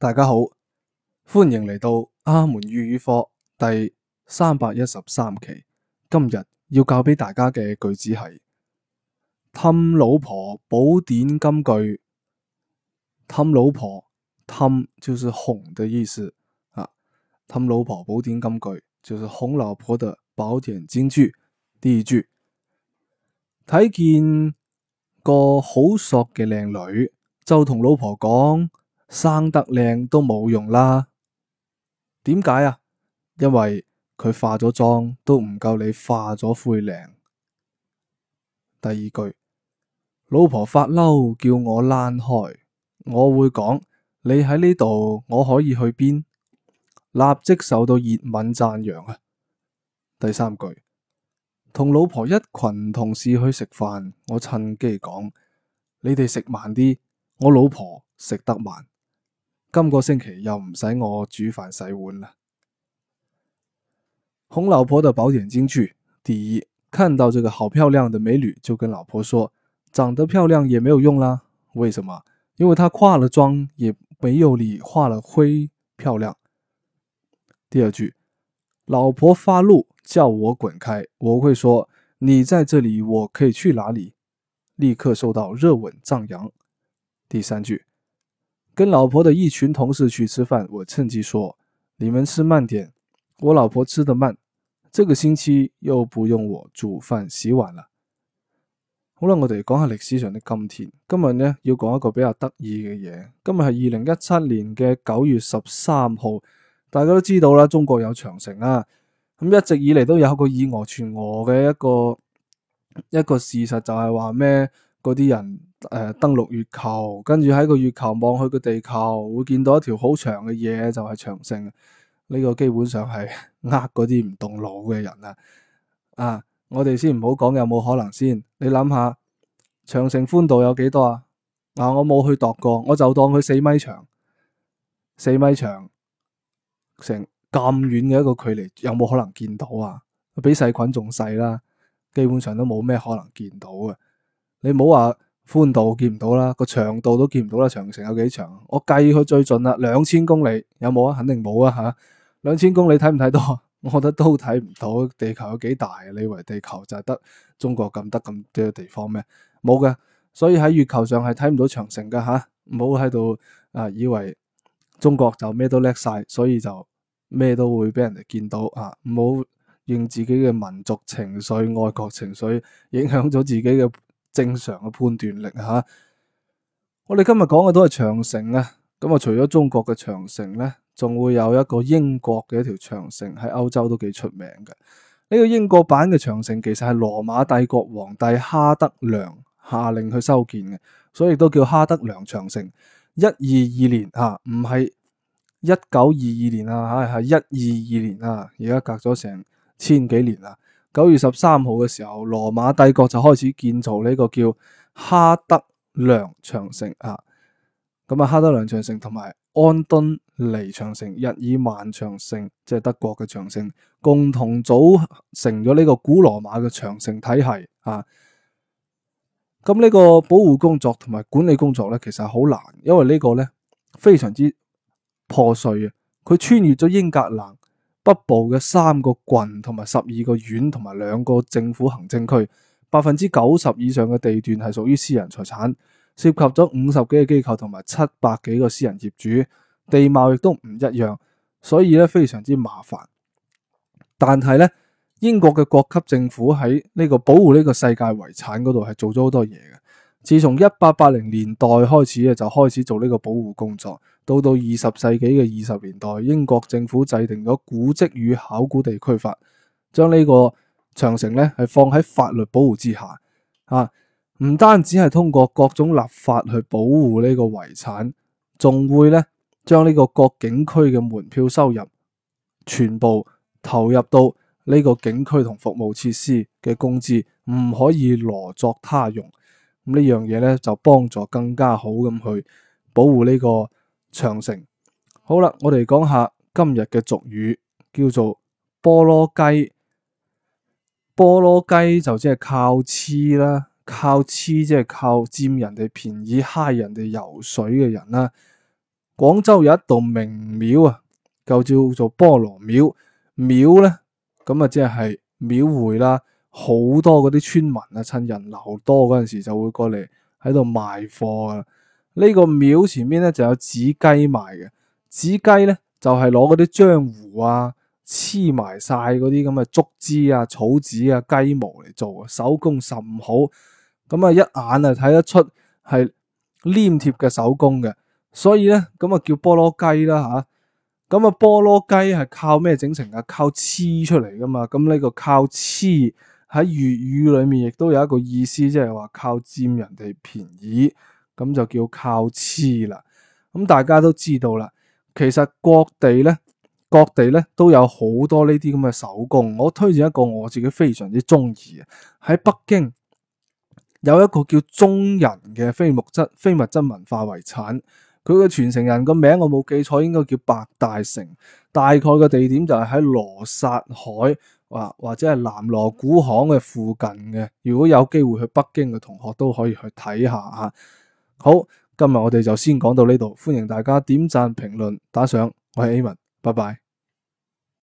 大家好，歡迎嚟到阿門粵語課第三百一十三期。今日要教俾大家嘅句子係氹老婆寶典金句。氹老婆，氹就是哄的意思啊。氹老婆寶典金句就是哄老婆的寶典金句，第一句，睇見個好索嘅靚女，就同老婆講。生得靚都冇用啦，點解啊？因為佢化咗妝都唔夠你化咗灰靚。第二句，老婆發嬲叫我躝開，我會講，你喺呢度，我可以去邊？立即受到熱吻讚揚啊！第三句，同老婆一群同事去食飯，我趁機講，你哋食慢啲，我老婆食得慢。今個星期又唔使我煮飯洗碗啦。哄老婆的寶典金句：第一，看到這個好漂亮的美女，就跟老婆說，長得漂亮也沒有用啦。為什麼？因為她化了妝，也沒有你化了灰漂亮。第二句，老婆發怒叫我滾開，我會說，你在這裏，我可以去哪裏？立刻受到熱吻讚揚。第三句。跟老婆的一群同事去吃飯，我趁機說：你們吃慢點，我老婆吃得慢。這個星期又不用我煮飯洗碗啦。好啦，我哋講下歷史上的今天。今日呢，要講一個比較得意嘅嘢。今日係二零一七年嘅九月十三號，大家都知道啦，中國有長城啦。咁一直以嚟都有一個以訛傳訛嘅一個一個事實就，就係話咩？嗰啲人誒、呃、登陸月球，跟住喺個月球望去個地球，會見到一條好長嘅嘢，就係、是、長城。呢、這個基本上係呃嗰啲唔動腦嘅人啦。啊，我哋先唔好講有冇可能先。你諗下，長城寬度有幾多啊？嗱、啊，我冇去度過，我就當佢四米長，四米長，成咁遠嘅一個距離，有冇可能見到啊？比細菌仲細啦，基本上都冇咩可能見到嘅。你唔好話寬度見唔到啦，個長度都見唔到啦。長城有幾長？我計佢最盡啦，兩千公里有冇啊？肯定冇啊吓！兩千公里睇唔睇到？我覺得都睇唔到。地球有幾大？你以為地球就係得中國咁得咁多嘅地方咩？冇嘅。所以喺月球上係睇唔到長城噶吓。唔好喺度啊！以為中國就咩都叻晒，所以就咩都會俾人哋見到啊！唔好用自己嘅民族情緒、愛國情緒影響咗自己嘅。正常嘅判斷力吓，我哋今日講嘅都係長城啊。咁、嗯、啊，除咗中國嘅長城咧，仲會有一個英國嘅一條長城喺歐洲都幾出名嘅。呢、這個英國版嘅長城其實係羅馬帝國皇帝哈德良下令去修建嘅，所以都叫哈德良長城。一二二年吓，唔係一九二二年啊，吓係一二二年啊，而家、啊、隔咗成千幾年啦。九月十三號嘅時候，羅馬帝國就開始建造呢個叫哈德良長城啊。咁啊，哈德良長城同埋安敦尼長城、日耳曼長城，即係德國嘅長城，共同組成咗呢個古羅馬嘅長城體系啊。咁呢個保護工作同埋管理工作咧，其實係好難，因為呢個咧非常之破碎啊。佢穿越咗英格蘭。北部嘅三個郡同埋十二個縣同埋兩個政府行政區，百分之九十以上嘅地段係屬於私人財產，涉及咗五十幾個機構同埋七百幾個私人業主，地貌亦都唔一樣，所以咧非常之麻煩。但係咧，英國嘅國級政府喺呢個保護呢個世界遺產嗰度係做咗好多嘢嘅。自從一八八零年代開始咧就開始做呢個保護工作。到到二十世紀嘅二十年代，英國政府制定咗《古蹟與考古地區法》，將呢個長城咧係放喺法律保護之下。啊，唔單止係通過各種立法去保護呢個遺產，仲會咧將呢個各景區嘅門票收入全部投入到呢個景區同服務設施嘅工資，唔可以挪作他用。咁呢樣嘢咧就幫助更加好咁去保護呢個。長城。好啦，我哋講下今日嘅俗語，叫做波羅雞。波羅雞就即係靠黐啦，靠黐即係靠佔人哋便宜、揩人哋油水嘅人啦。廣州有一道名廟啊，舊叫做波羅廟。廟咧咁啊，即係廟會啦，好多嗰啲村民啊，趁人流多嗰陣時就會過嚟喺度賣貨啊。呢個廟前面咧就有紙雞賣嘅，紙雞咧就係攞嗰啲漿糊啊，黐埋晒嗰啲咁嘅竹枝啊、草紙啊、雞毛嚟做嘅，手工甚唔好，咁啊一眼啊睇得出係黏貼嘅手工嘅，所以咧咁啊叫菠蘿雞啦吓，咁啊菠蘿雞係靠咩整成啊？靠黐出嚟噶嘛，咁、這、呢個靠黐喺粵語裏面亦都有一個意思，即係話靠佔人哋便宜。咁就叫靠黐啦。咁大家都知道啦，其實各地咧，各地咧都有好多呢啲咁嘅手工。我推薦一個我自己非常之中意嘅，喺北京有一個叫中人嘅非物質非物質文化遺產。佢嘅傳承人個名我冇記錯，應該叫白大成，大概嘅地點就係喺羅剎海，或或者係南鑼古巷嘅附近嘅。如果有機會去北京嘅同學都可以去睇下嚇。好，今日我哋就先講到呢度，歡迎大家點讚、評論、打賞，我係阿門，拜拜。